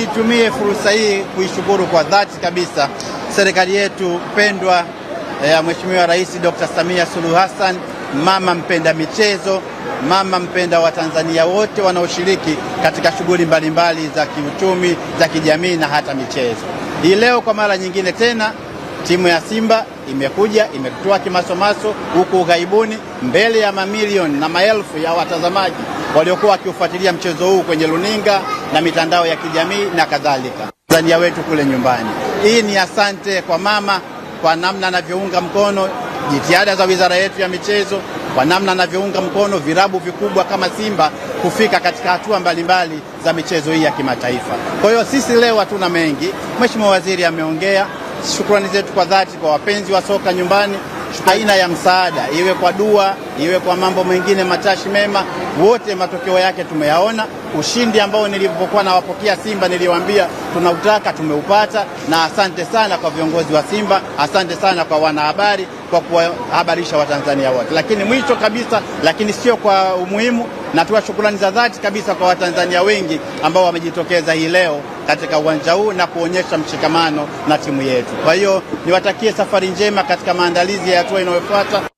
nitumie fursa hii kuishukuru kwa dhati kabisa serikali yetu pendwa eh, ya eh, Mheshimiwa Rais Dr. Samia Suluhu Hassan, mama mpenda michezo, mama mpenda wa Tanzania wote wanaoshiriki katika shughuli mbalimbali za kiuchumi, za kijamii na hata michezo. Hii leo kwa mara nyingine tena Timu ya Simba imekuja imetoa kimasomaso huku ughaibuni mbele ya mamilioni na maelfu ya watazamaji waliokuwa wakiufuatilia mchezo huu kwenye runinga na mitandao ya kijamii na kadhalika. Tanzania wetu kule nyumbani, hii ni asante kwa mama kwa namna anavyounga mkono jitihada za wizara yetu ya michezo, kwa namna anavyounga mkono virabu vikubwa kama Simba kufika katika hatua mbalimbali za michezo hii ya kimataifa. Kwa hiyo sisi leo hatuna mengi, Mheshimiwa Waziri ameongea shukrani zetu kwa dhati kwa wapenzi wa soka nyumbani, aina ya msaada, iwe kwa dua, iwe kwa mambo mengine matashi mema, wote matokeo yake tumeyaona. Ushindi ambao nilipokuwa nawapokea Simba niliwaambia tunautaka, tumeupata, na asante sana kwa viongozi wa Simba, asante sana kwa wanahabari kwa kuwahabarisha Watanzania wote. Lakini mwisho kabisa, lakini sio kwa umuhimu, natoa shukrani za dhati kabisa kwa Watanzania wengi ambao wamejitokeza hii leo katika uwanja huu na kuonyesha mshikamano na timu yetu. Kwa hiyo niwatakie safari njema katika maandalizi ya hatua inayofuata.